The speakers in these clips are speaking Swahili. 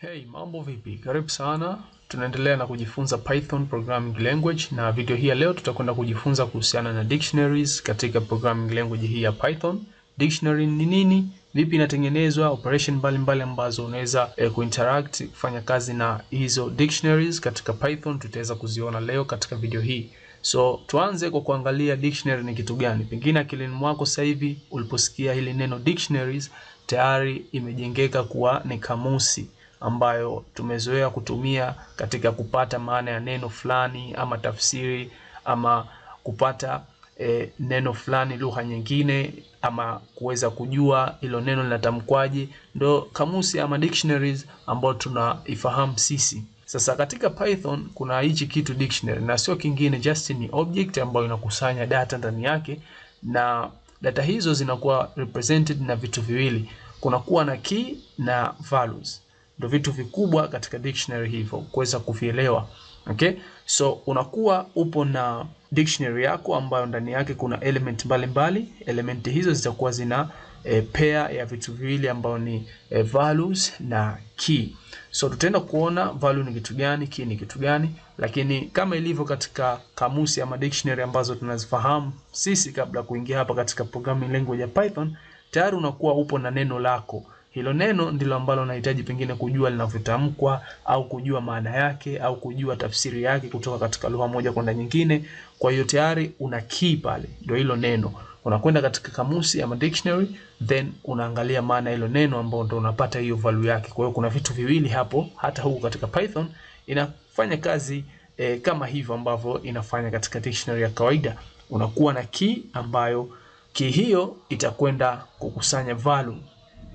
Hey, mambo vipi? Karibu sana. Tunaendelea na kujifunza Python programming language, na video hii ya leo tutakwenda kujifunza kuhusiana na dictionaries katika programming language hii ya Python. Dictionary ni nini? Vipi inatengenezwa? Operation mbalimbali ambazo unaweza eh, kuinteract kufanya kazi na hizo dictionaries katika Python tutaweza kuziona leo katika video hii. So tuanze kwa kuangalia dictionary ni kitu gani. Pengine akilini mwako sasa hivi uliposikia hili neno dictionaries tayari imejengeka kuwa ni kamusi ambayo tumezoea kutumia katika kupata maana ya neno fulani ama tafsiri ama kupata e, neno fulani lugha nyingine ama kuweza kujua hilo neno linatamkwaje, ndo kamusi ama dictionaries ambayo tunaifahamu sisi. Sasa katika Python kuna hichi kitu dictionary na sio kingine, just ni object ambayo inakusanya data ndani yake, na data hizo zinakuwa represented na vitu viwili, kunakuwa na key na values ndio vitu vikubwa katika dictionary hivyo kuweza kuvielewa. Okay? So unakuwa upo na dictionary yako ambayo ndani yake kuna element mbalimbali mbali. Elementi hizo zitakuwa zina e, pair ya vitu viwili ambayo ni e, values na key. So tutaenda kuona value ni kitu gani, key ni kitu gani, lakini kama ilivyo katika kamusi ama dictionary ambazo tunazifahamu sisi kabla kuingia hapa katika programming language ya Python, tayari unakuwa upo na neno lako hilo neno ndilo ambalo unahitaji pengine kujua linavyotamkwa au kujua maana yake au kujua tafsiri yake kutoka katika lugha moja kwenda nyingine. Kwa hiyo tayari una key pale, ndio hilo neno. Unakwenda katika kamusi ama dictionary, then unaangalia maana hilo neno, ambao ndio unapata hiyo value yake. Kwa hiyo kuna vitu viwili hapo, hata huku katika Python inafanya kazi e, kama hivyo ambavyo inafanya katika dictionary ya kawaida. Unakuwa na key ambayo key hiyo itakwenda kukusanya value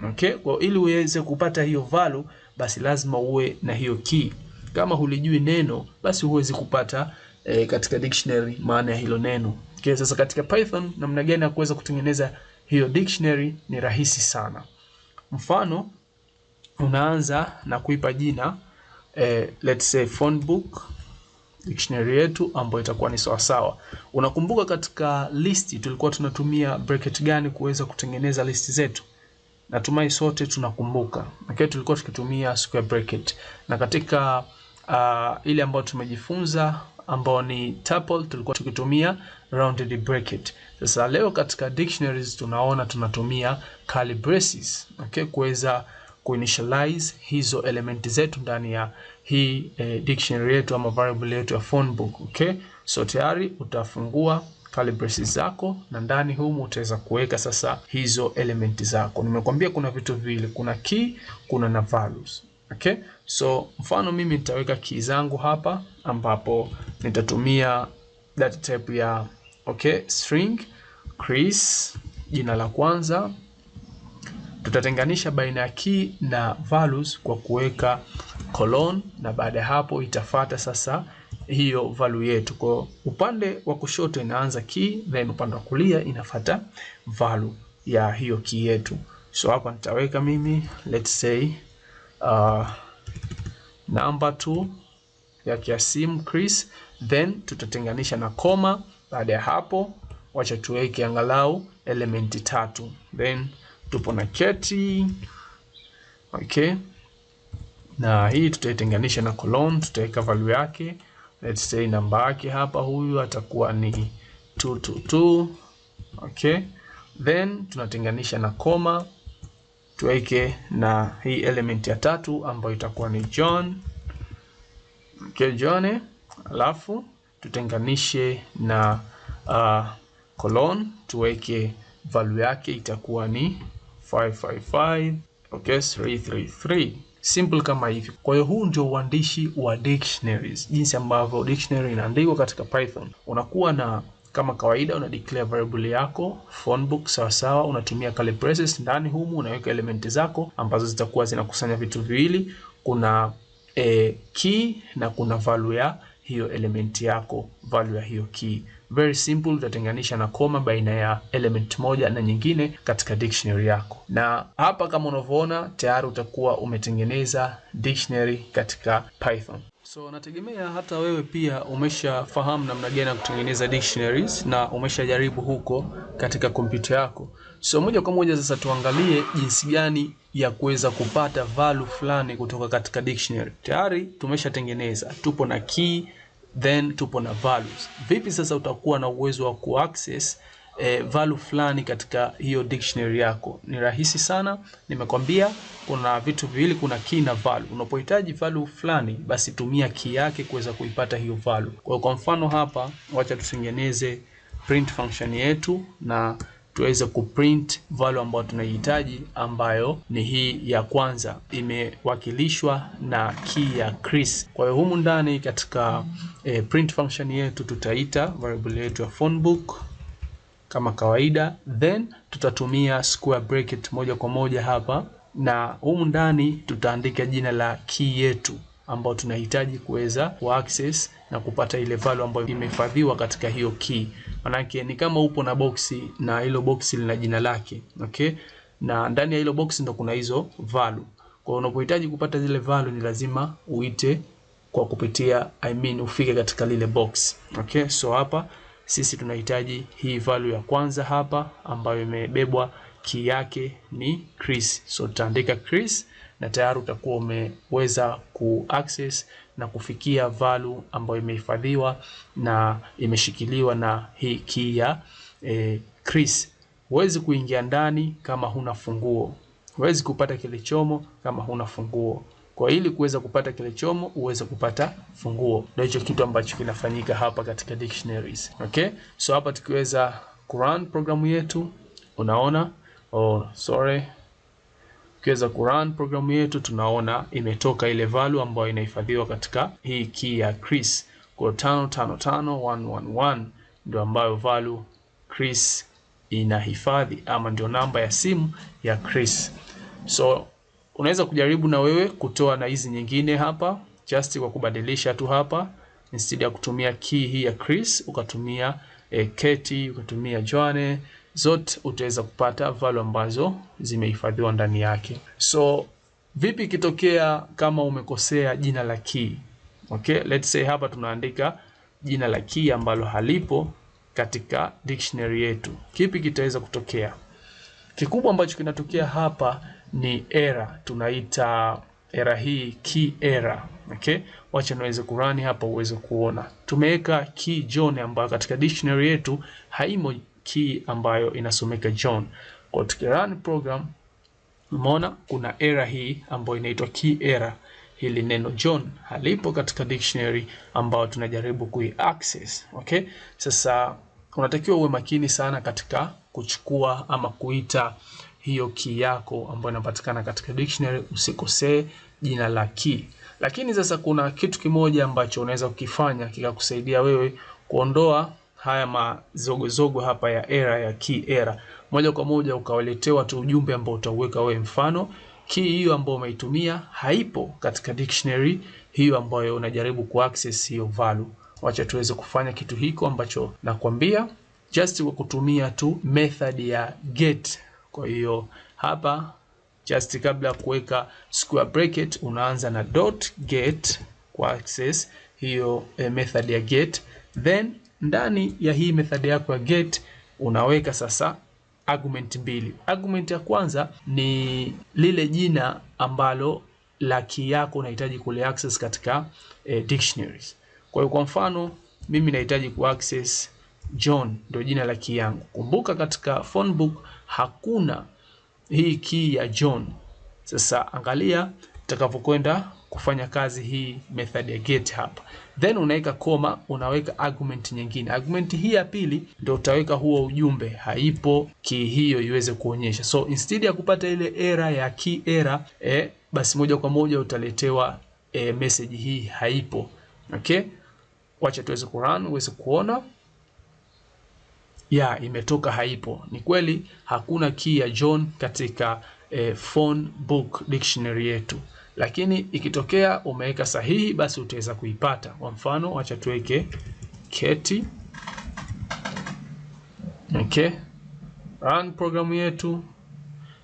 Okay? Kwa ili uweze kupata hiyo value basi lazima uwe na hiyo key. Kama hulijui neno basi huwezi kupata eh, katika dictionary maana ya hilo neno. Okay, sasa katika Python namna gani ya kuweza kutengeneza hiyo dictionary ni rahisi sana. Mfano unaanza na kuipa jina eh, let's say phone book dictionary yetu ambayo itakuwa ni sawa sawa. Unakumbuka katika listi tulikuwa tunatumia bracket gani kuweza kutengeneza listi zetu? Natumai sote tunakumbuka okay, tulikuwa tukitumia square bracket na katika uh, ile ambayo tumejifunza ambayo ni tuple, tulikuwa tukitumia rounded bracket. Sasa leo katika dictionaries tunaona tunatumia curly braces okay, kuweza kuinitialize hizo elementi zetu ndani ya hii eh, dictionary yetu ama variable yetu ya phone book okay. So tayari utafungua brace zako na ndani humu utaweza kuweka sasa hizo element zako. Nimekwambia kuna vitu vile, kuna key, kuna na values. Okay? So mfano mimi nitaweka key zangu hapa ambapo nitatumia data type ya okay, string Chris, jina la kwanza. Tutatenganisha baina ya key na values kwa kuweka colon, na baada ya hapo itafata sasa hiyo value yetu. Kwa upande wa kushoto inaanza key, then upande wa kulia inafata value ya hiyo key yetu. So hapa nitaweka mimi let's say uh, number 2 yake ya kiasim Chris, then tutatenganisha na koma. Baada ya hapo, wacha tuweke angalau elementi tatu, then tupo na keti okay, na hii tutaitenganisha na colon, tutaweka value yake let's say namba yake hapa huyu atakuwa ni 222 okay, then tunatenganisha na koma tuweke na hii element ya tatu ambayo itakuwa ni John okay, John, eh? alafu tutenganishe na uh, colon tuweke value yake itakuwa ni 555 okay, 333 simple kama hivi. Kwa hiyo huu ndio uandishi wa dictionaries, jinsi ambavyo dictionary inaandikwa katika Python. Unakuwa na kama kawaida una declare variable yako book, sawa sawa, unatumia curly braces ndani humu, unaweka elementi zako ambazo zitakuwa zinakusanya vitu viwili, kuna eh, key na kuna value ya hiyo element yako, value ya hiyo key. Very simple, utatenganisha na koma baina ya element moja na nyingine katika dictionary yako, na hapa kama unavyoona tayari utakuwa umetengeneza dictionary katika Python. So nategemea hata wewe pia umeshafahamu namna gani ya kutengeneza dictionaries na umeshajaribu huko katika kompyuta yako. So moja kwa moja sasa tuangalie jinsi gani ya kuweza kupata value fulani kutoka katika dictionary. Tayari tumeshatengeneza, tupo na key, then tupo na values. Vipi sasa utakuwa na uwezo wa kuaccess e, value fulani katika hiyo dictionary yako. Ni rahisi sana, nimekwambia kuna vitu viwili, kuna key na value. Unapohitaji value fulani, basi tumia key yake kuweza kuipata hiyo value. Kwa kwa mfano hapa, wacha tutengeneze print function yetu na tuweze kuprint value ambayo tunaihitaji ambayo ni hii ya kwanza, imewakilishwa na key ya Chris. Kwa hiyo humu ndani katika e, print function yetu tutaita variable yetu ya phone book kama kawaida, then tutatumia square bracket moja kwa moja hapa, na humu ndani tutaandika jina la key yetu ambayo tunahitaji kuweza ku access na kupata ile value ambayo imehifadhiwa katika hiyo key. Manake ni kama upo na boksi na hilo boksi lina jina lake, okay? Na ndani ya hilo boksi ndo kuna hizo value. Kwa hiyo unapohitaji kupata zile value ni lazima uite kwa kupitia I mean, ufike katika lile box. Okay, so hapa sisi tunahitaji hii value ya kwanza hapa ambayo imebebwa key yake ni Chris. So tutaandika Chris na tayari utakuwa umeweza access na kufikia value ambayo imehifadhiwa na imeshikiliwa na hii key ya eh, Chris. Huwezi kuingia ndani kama huna funguo. Huwezi kupata kilichomo kama huna funguo kwa ili kuweza kupata kile chomo uweze kupata funguo. Ndio hicho kitu ambacho kinafanyika hapa katika dictionaries. Okay, so hapa tukiweza kurun programu yetu, unaona oh, sorry Tukiweza kurun programu yetu tunaona imetoka ile value ambayo inahifadhiwa katika hii key ya Chris. Kwa tano tano tano 555111 ndio ambayo value Chris inahifadhi ama ndio namba ya simu ya Chris. So unaweza kujaribu na wewe kutoa na hizi nyingine hapa just kwa kubadilisha tu hapa, instead ya kutumia key hii ya Chris ukatumia eh, Keti ukatumia Joanne, zote utaweza kupata value ambazo zimehifadhiwa ndani yake. So vipi ikitokea kama umekosea jina la key? Okay, let's say hapa tunaandika jina la key ambalo halipo katika dictionary yetu, kipi kitaweza kutokea? Kikubwa ambacho kinatokea hapa ni era, tunaita era hii key era. Okay, wacha niweze kurani hapa uweze kuona tumeweka key John ambayo katika dictionary yetu haimo key ambayo inasomeka John. Kwa tukirun program, umeona kuna era hii ambayo inaitwa key era. Hili neno John halipo katika dictionary ambayo tunajaribu kui access. Okay, sasa unatakiwa uwe makini sana katika kuchukua ama kuita hiyo key yako ambayo inapatikana katika dictionary, usikosee jina la key. Lakini sasa kuna kitu kimoja ambacho unaweza kukifanya kikakusaidia wewe kuondoa haya mazogozogo hapa ya error ya key error, moja kwa moja ukawaletewa tu ujumbe ambao utauweka wewe. Mfano, key hiyo ambayo umeitumia haipo katika dictionary hiyo ambayo unajaribu kuaccess hiyo value. Wacha tuweze kufanya kitu hiko ambacho nakwambia, just kwa kutumia tu method ya get kwa hiyo hapa just kabla ya kuweka square bracket unaanza na dot get kwa access hiyo eh, method ya get, then ndani ya hii method yako ya get unaweka sasa argument mbili. Argument ya kwanza ni lile jina ambalo la key yako unahitaji kule access katika eh, dictionaries. Kwa hiyo kwa mfano mimi nahitaji ku access John ndio jina la key yangu. Kumbuka katika phone book hakuna hii key ya John. Sasa angalia tutakapokwenda kufanya kazi hii method ya get hapa, then unaweka koma, unaweka argument nyingine. Argument hii ya pili ndio utaweka huo ujumbe, haipo key hiyo iweze kuonyesha. So instead ya kupata ile error ya key error, eh, basi moja kwa moja utaletewa eh, message hii haipo. Okay, wacha tuweze kurun uweze kuona ya imetoka haipo. Ni kweli hakuna key ya John katika e, phone book dictionary yetu, lakini ikitokea umeweka sahihi, basi utaweza kuipata. Kwa mfano, wacha tuweke Keti. Okay, run programu yetu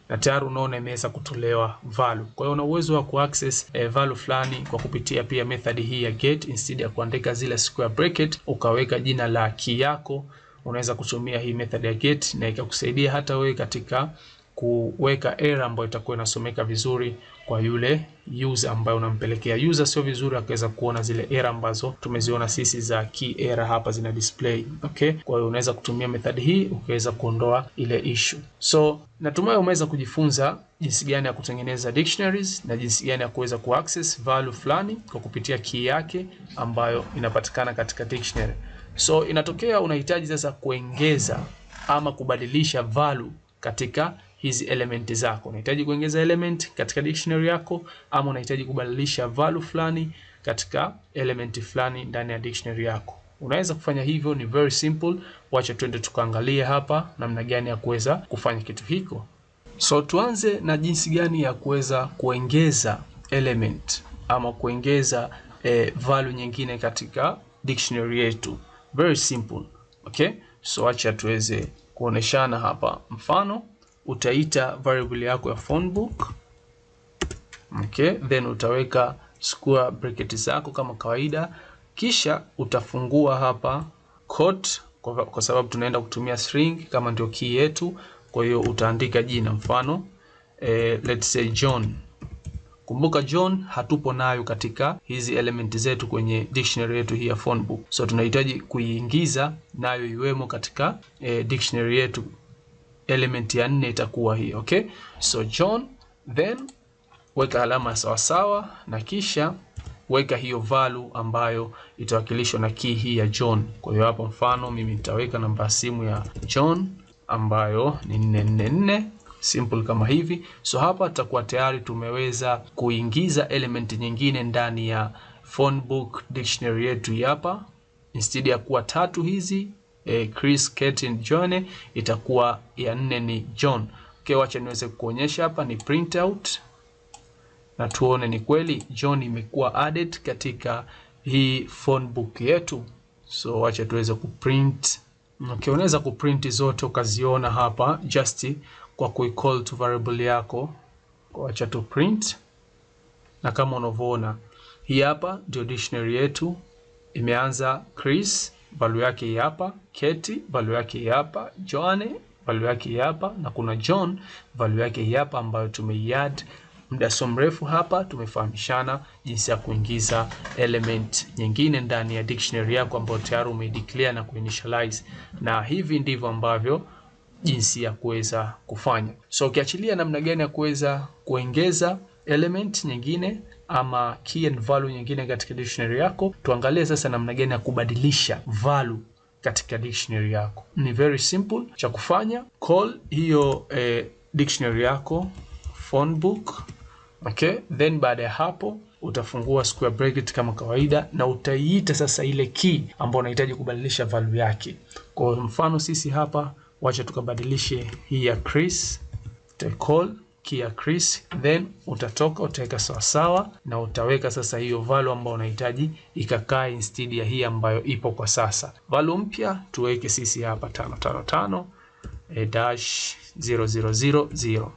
na tayari unaona imeweza kutolewa value. Kwa hiyo una uwezo wa kuaccess e, value fulani kwa kupitia pia method hii ya get, instead ya kuandika zile square bracket ukaweka jina la key yako unaweza kutumia hii method ya get na ikakusaidia hata wewe katika kuweka error ambayo itakuwa inasomeka vizuri kwa yule user ambaye unampelekea. User sio vizuri akaweza kuona zile error ambazo tumeziona sisi za key error hapa zina display. Okay, kwa hiyo unaweza kutumia method hii ukaweza kuondoa ile issue. So natumai umeweza kujifunza jinsi gani ya kutengeneza dictionaries na jinsi gani ya kuweza kuaccess value fulani kwa kupitia key yake ambayo inapatikana katika dictionary. So inatokea unahitaji sasa kuongeza ama kubadilisha value katika hizi element zako. Unahitaji kuongeza element katika dictionary yako ama unahitaji kubadilisha value fulani katika element fulani ndani ya dictionary yako. Unaweza kufanya hivyo, ni very simple. Wacha twende tukaangalie hapa namna gani ya kuweza kufanya kitu hiko. So tuanze na jinsi gani ya kuweza kuongeza element ama kuongeza eh, value nyingine katika dictionary yetu very simple. Okay, so acha tuweze kuoneshana hapa. Mfano, utaita variable yako ya phone book okay, then utaweka square bracket zako kama kawaida, kisha utafungua hapa quote, kwa, kwa sababu tunaenda kutumia string kama ndio key yetu. Kwa hiyo utaandika jina, mfano eh, let's say John Kumbuka John hatupo nayo katika hizi elementi zetu kwenye dictionary yetu hii ya phonebook, so tunahitaji kuiingiza nayo iwemo katika eh, dictionary yetu. Element ya nne itakuwa hii okay. So John, then weka alama ya sawasawa na kisha weka hiyo value ambayo itawakilishwa na key hii ya John. Kwa hiyo hapo mfano mimi nitaweka namba ya simu ya John ambayo ni 444 simple kama hivi. So hapa tutakuwa tayari tumeweza kuingiza element nyingine ndani ya phonebook dictionary yetu hapa. Instead ya kuwa tatu hizi eh, Chris, Kate and John itakuwa ya nne ni John. Okay, wacha niweze kuonyesha hapa ni print out na tuone ni kweli John imekuwa added katika hii phonebook yetu. So wacha tuweze kuprint. Okay, unaweza kuprint zote ukaziona hapa just kwa kuicall tu variable yako, acha tu print, na kama unavyoona hii hapa ndio dictionary yetu imeanza. Chris value yake hii hapa, Keti value yake hii hapa, Joanne value yake hii hapa, na kuna John value yake hii hapa ambayo tumeiad muda so mrefu hapa. Tumefahamishana jinsi ya kuingiza element nyingine ndani ya dictionary yako ambayo tayari umeideclare na kuinitialize, na hivi ndivyo ambavyo jinsi ya kuweza kufanya. So ukiachilia namna gani ya kuweza kuongeza element nyingine ama key and value nyingine katika dictionary yako, tuangalie sasa namna gani ya kubadilisha value katika dictionary yako. Ni very simple, cha kufanya call hiyo eh, dictionary yako book. okay, then baada ya hapo utafungua square bracket kama kawaida na utaiita sasa ile key ambayo unahitaji kubadilisha value yake. Kwa mfano sisi hapa wacha tukabadilishe hii ya Chris tecall key ya Chris, then utatoka utaweka sawasawa, na utaweka sasa hiyo value ambayo unahitaji ikakaa instead ya hii ambayo ipo kwa sasa. Value mpya tuweke sisi hapa 555 eh, dash 0000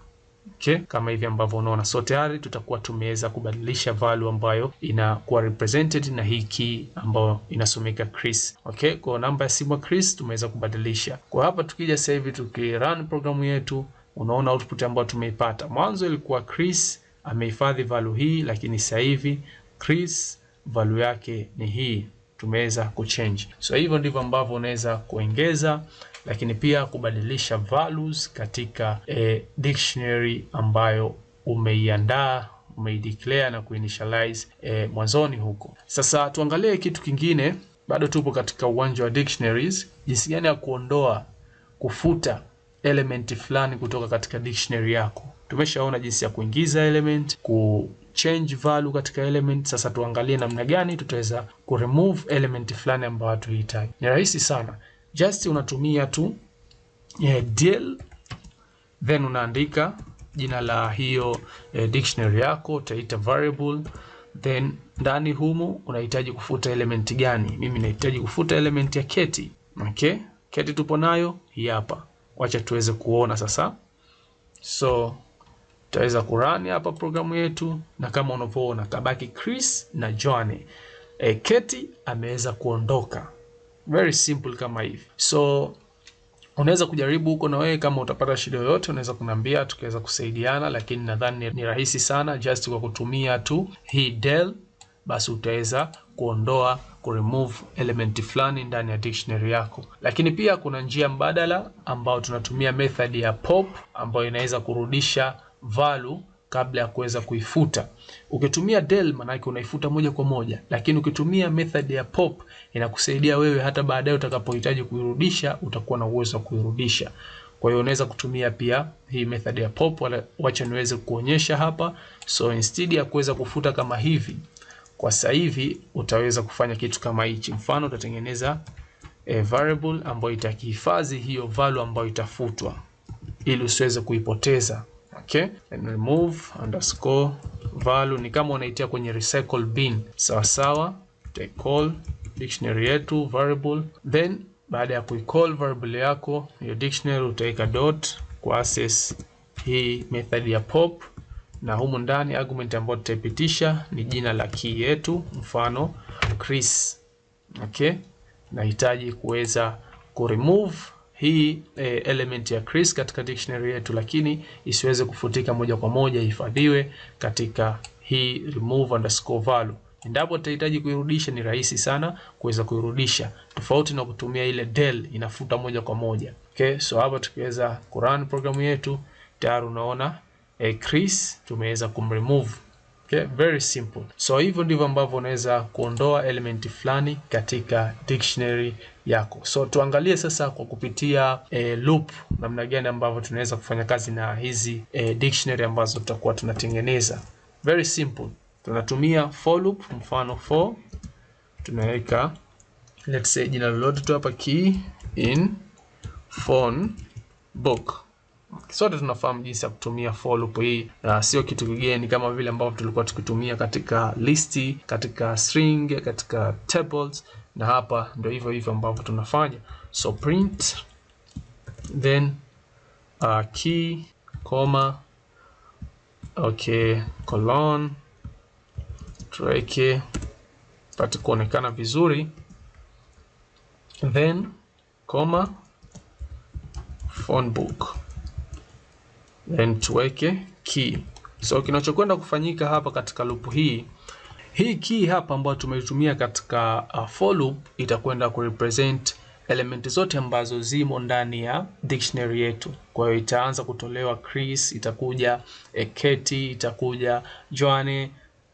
Je, kama hivi ambavyo unaona, so tayari tutakuwa tumeweza kubadilisha value ambayo inakuwa represented na hii key ambayo inasomeka Chris. Okay, kwa namba ya simu ya Chris tumeweza kubadilisha. Kwa hapa tukija sasa hivi tukirun programu yetu, unaona output ambayo tumeipata. Mwanzo ilikuwa Chris amehifadhi value hii, lakini sasa hivi Chris value yake ni hii, tumeweza kuchange. So hivyo ndivyo ambavyo unaweza kuongeza lakini pia kubadilisha values katika e, dictionary ambayo umeiandaa umeideclare na kuinitialize e, mwanzoni huko. Sasa tuangalie kitu kingine, bado tupo katika uwanja wa dictionaries, jinsi gani ya kuondoa kufuta element fulani kutoka katika dictionary yako. Tumeshaona jinsi ya kuingiza element, ku change value katika element. Sasa tuangalie namna gani tutaweza ku remove element fulani ambayo hatuhitaji. Ni rahisi sana just unatumia tu eh, del then unaandika jina la hiyo eh, dictionary yako, utaita variable then ndani humu unahitaji kufuta elementi gani? Mimi nahitaji kufuta element ya keti. Okay, keti tupo nayo hii hapa, wacha tuweze kuona sasa. So tutaweza kurani hapa programu yetu, na kama unavyoona kabaki Chris na Johnny. Eh, keti ameweza kuondoka very simple kama hivi. So unaweza kujaribu huko na wewe, kama utapata shida yoyote unaweza kuniambia tukiweza kusaidiana, lakini nadhani ni rahisi sana, just kwa kutumia tu hii del, basi utaweza kuondoa kuremove element fulani ndani ya dictionary yako. Lakini pia kuna njia mbadala ambayo tunatumia method ya pop ambayo inaweza kurudisha value kabla ya kuweza kuifuta. Ukitumia del manake unaifuta moja kwa moja, lakini ukitumia method ya pop inakusaidia wewe hata baadaye utakapohitaji kuirudisha utakuwa na uwezo wa kuirudisha. Kwa hiyo unaweza kutumia pia hii method ya pop. Wacha niweze kuonyesha hapa. So instead ya kuweza kufuta kama hivi, kwa sasa hivi utaweza kufanya kitu kama hichi. Mfano utatengeneza a eh, variable ambayo itakihifadhi hiyo value ambayo itafutwa ili usiweze kuipoteza. Okay? And remove underscore value ni kama unaitia kwenye recycle bin. Sawa sawa, call dictionary yetu variable, then baada ya kuicall variable yako hiyo dictionary utaweka dot ku access hii method ya pop, na humu ndani argument ambayo tutaipitisha ni jina la key yetu, mfano Chris. Okay, nahitaji kuweza ku remove hii e, element ya Chris katika dictionary yetu, lakini isiweze kufutika moja kwa moja, ihifadhiwe katika hii remove underscore value. Endapo tutahitaji kuirudisha, ni rahisi sana kuweza kuirudisha, tofauti na kutumia ile del inafuta moja kwa moja. Okay, so hapa tukiweza kurun programu yetu tayari unaona e, Chris tumeweza kumremove Okay, very simple. So hivyo ndivyo ambavyo unaweza kuondoa elementi fulani katika dictionary yako. So tuangalie sasa kwa kupitia e, loop namna gani ambavyo tunaweza kufanya kazi na hizi e, dictionary ambazo tutakuwa tunatengeneza. Very simple. Tunatumia for loop, mfano for tunaweka let's say jina lolote tu hapa key in phone book Sote tunafahamu jinsi ya kutumia for loop hii, uh, sio kitu kigeni kama vile ambavyo tulikuwa tukitumia katika listi, katika string, katika tables, na hapa ndio hivyo hivyo ambavyo tunafanya. So print then uh, key comma okay colon tuweke pate kuonekana vizuri then comma phone book then tuweke key. So kinachokwenda kufanyika hapa katika loop hii hii key hapa ambayo tumeitumia katika uh, for loop itakwenda kurepresent elementi zote ambazo zimo ndani ya dictionary yetu. Kwa hiyo itaanza kutolewa Chris, itakuja Keti, itakuja Joane,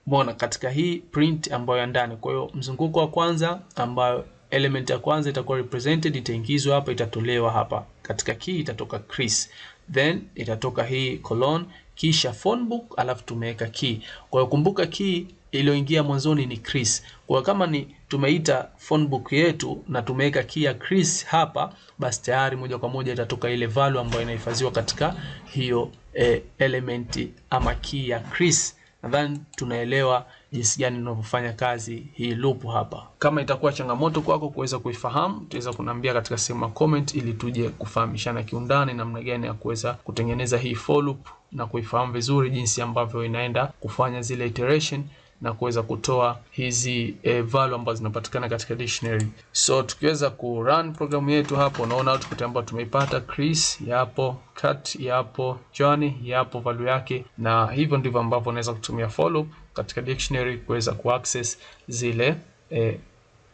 mbona katika hii print ambayo ya ndani. Kwa hiyo mzunguko wa kwanza ambayo element ya kwanza itakuwa represented itaingizwa hapa, itatolewa hapa. Katika key itatoka Chris then itatoka hii colon kisha phone book alafu tumeweka key. Kwa hiyo kumbuka key iliyoingia mwanzoni ni Chris. Kwa hiyo kama ni tumeita phone book yetu na tumeweka key ya Chris hapa, basi tayari moja kwa moja itatoka ile value ambayo inahifadhiwa katika hiyo eh, elementi ama key ya Chris. Nadhani tunaelewa jinsi gani tunavyofanya kazi hii loop hapa. Kama itakuwa changamoto kwako kuweza kuifahamu, utaweza kuniambia katika sehemu ya comment, ili tuje kufahamishana kiundani namna gani ya kuweza kutengeneza hii for loop na kuifahamu vizuri jinsi ambavyo inaenda kufanya zile iteration na kuweza kutoa hizi e, value ambazo zinapatikana katika dictionary. So tukiweza ku run programu yetu hapo, unaona output ambayo tumeipata, Chris yapo, Kat yapo, Johnny yapo value yake, na hivyo ndivyo ambavyo unaweza kutumia for loop katika dictionary kuweza kuaccess zile e,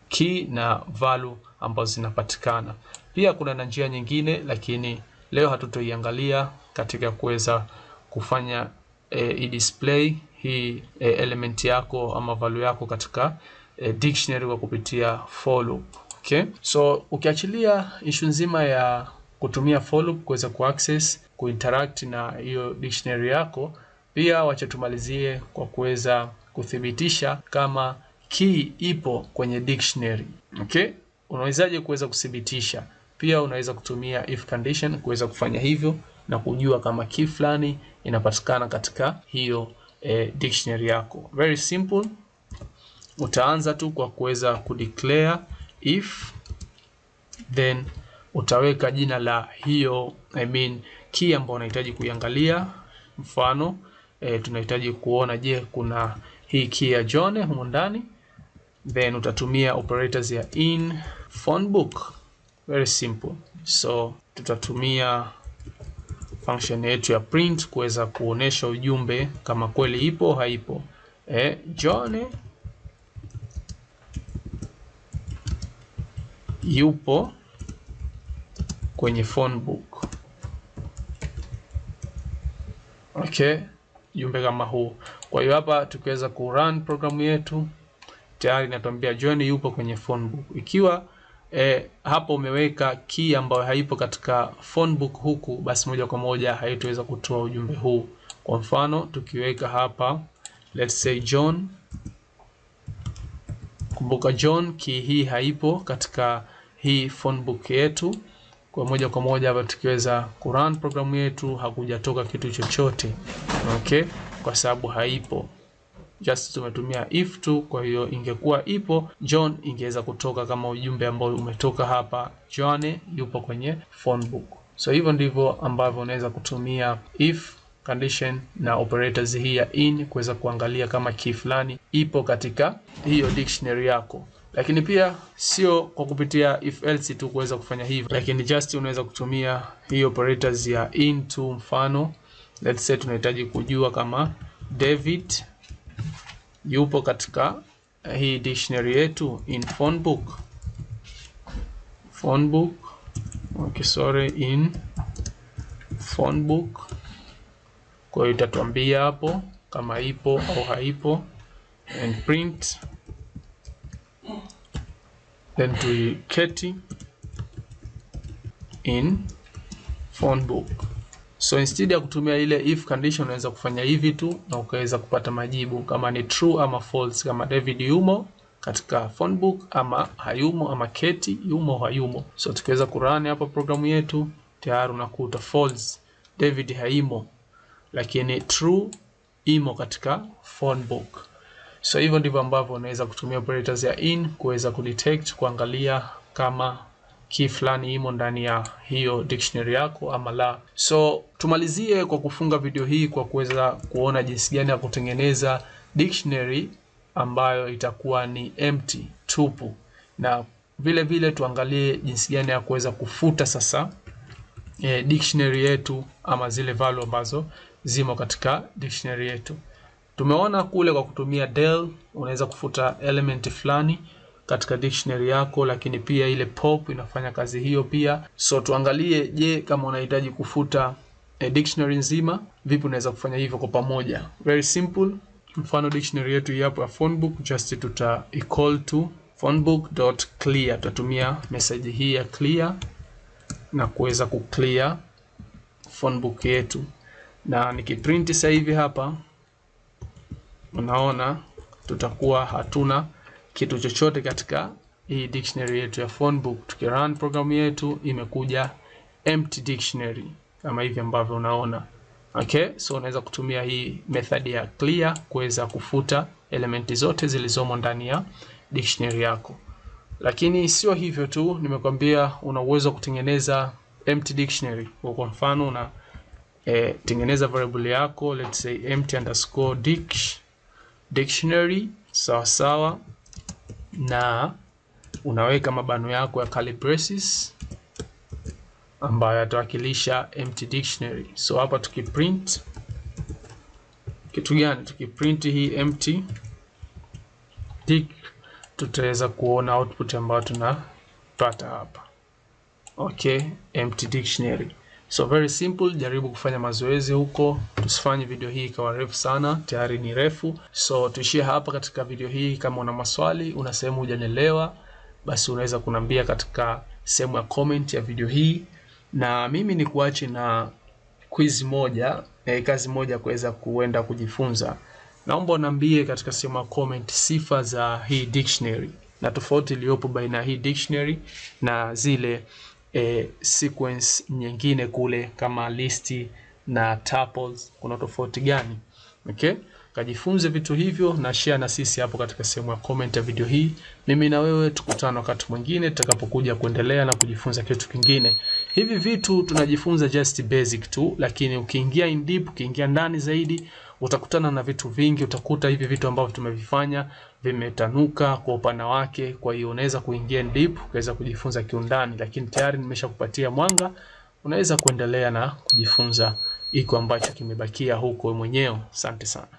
key na value ambazo zinapatikana. Pia kuna na njia nyingine, lakini leo hatutoiangalia katika kuweza kufanya e, display hii e, element yako ama value yako katika e, dictionary kwa kupitia for loop. Okay? So ukiachilia ishu nzima ya kutumia for loop kuweza kuaccess kuinteract na hiyo dictionary yako pia wacha tumalizie kwa kuweza kuthibitisha kama key ipo kwenye dictionary. Okay? Unawezaje kuweza kuthibitisha? Pia unaweza kutumia if condition kuweza kufanya hivyo na kujua kama key fulani inapatikana katika hiyo eh, dictionary yako. Very simple. Utaanza tu kwa kuweza kudeclare if then utaweka jina la hiyo I mean key ambayo unahitaji kuiangalia, mfano e, tunahitaji kuona je, kuna hii key ya John humo ndani, then utatumia operators ya in book. Very simple. So tutatumia function yetu ya print kuweza kuonesha ujumbe kama kweli ipo haipo. E, John yupo kwenye phone book. Okay ujumbe kama huu. Kwa hiyo hapa tukiweza ku run programu yetu tayari inatuambia John yupo kwenye phone book. Ikiwa eh, hapo umeweka key ambayo haipo katika phone book huku, basi moja kwa moja haitoweza kutoa ujumbe huu. Kwa mfano tukiweka hapa let's say John. Kumbuka John, key hii haipo katika hii phone book yetu. Kwa moja kwa moja hapa tukiweza kurun programu yetu hakujatoka kitu chochote. Okay? Kwa sababu haipo. Just tumetumia if tu, kwa hiyo ingekuwa ipo John ingeweza kutoka kama ujumbe ambao umetoka hapa, John yupo kwenye phone book. So hivyo ndivyo ambavyo unaweza kutumia if condition na operators hii ya in kuweza kuangalia kama key fulani ipo katika hiyo dictionary yako lakini pia sio kwa kupitia if else tu kuweza kufanya hivyo, lakini just unaweza kutumia hii operators ya into. Mfano, let's say tunahitaji kujua kama David yupo katika eh, hii dictionary yetu in phone book, phone book. Okay, sorry, in phone book. Kwa hiyo itatuambia hapo kama ipo au haipo and print then tuiketi in phone book. So instead ya kutumia ile if condition unaweza kufanya hivi tu na ukaweza kupata majibu kama ni true ama false, kama David yumo katika phone book ama hayumo, ama Keti yumo hayumo. So tukiweza kurani hapa programu yetu tayari unakuta false, David haimo, lakini true imo katika phone book. So hivyo ndivyo ambavyo unaweza kutumia operators ya in kuweza kudetect, kuangalia kama key fulani imo ndani ya hiyo dictionary yako ama la. So tumalizie kwa kufunga video hii kwa kuweza kuona jinsi gani ya kutengeneza dictionary ambayo itakuwa ni empty, tupu, na vile vile tuangalie jinsi gani ya kuweza kufuta sasa e, dictionary yetu ama zile value ambazo zimo katika dictionary yetu. Tumeona kule kwa kutumia del unaweza kufuta element fulani katika dictionary yako, lakini pia ile pop inafanya kazi hiyo pia. So tuangalie, je, kama unahitaji kufuta e, dictionary nzima, vipi unaweza kufanya hivyo kwa pamoja? Very simple. Mfano dictionary yetu hii hapo ya phonebook, just tuta equal to phonebook.clear. Tutatumia message hii ya clear na kuweza ku kuclear phonebook yetu, na nikiprint sasa hivi hapa unaona tutakuwa hatuna kitu chochote katika hii dictionary yetu ya phonebook. Tukirun programu yetu imekuja empty dictionary kama hivi ambavyo unaona. Okay, so unaweza kutumia hii method ya clear kuweza kufuta elementi zote zilizomo ndani ya dictionary yako. Lakini sio hivyo tu, nimekwambia una uwezo wa kutengeneza empty dictionary. Kwa mfano una eh, tengeneza variable yako let's say empty underscore dict dictionary sawa na unaweka mabano yako ya curly braces ambayo yatawakilisha empty dictionary. So hapa tukiprint kitu gani? Tukiprint hii empty dict tutaweza kuona output ambayo tunapata hapa. Okay, empty dictionary. So very simple, jaribu kufanya mazoezi huko, tusifanye video hii ikawa refu sana, tayari ni refu. So tuishie hapa katika video hii. Kama una maswali, una sehemu hujanielewa, basi unaweza kuniambia katika sehemu ya comment ya video hii, na mimi ni kuache na quiz moja eh, kazi moja kuweza kuenda kujifunza. Naomba uniambie katika sehemu ya comment sifa za hii dictionary na tofauti iliyopo baina ya hii dictionary na zile e, sequence nyingine kule kama listi na tuples, kuna tofauti gani? Okay? Kajifunze vitu hivyo na share na sisi hapo katika sehemu ya comment ya video hii. Mimi na wewe tukutane wakati mwingine tutakapokuja kuendelea na kujifunza kitu kingine. Hivi vitu tunajifunza just basic tu, lakini ukiingia in deep, ukiingia ndani zaidi utakutana na vitu vingi, utakuta hivi vitu ambavyo tumevifanya vimetanuka kwa upana wake. Kwa hiyo unaweza kuingia deep ukaweza kujifunza kiundani, lakini tayari nimeshakupatia mwanga, unaweza kuendelea na kujifunza iko ambacho kimebakia huko mwenyewe. Asante sana.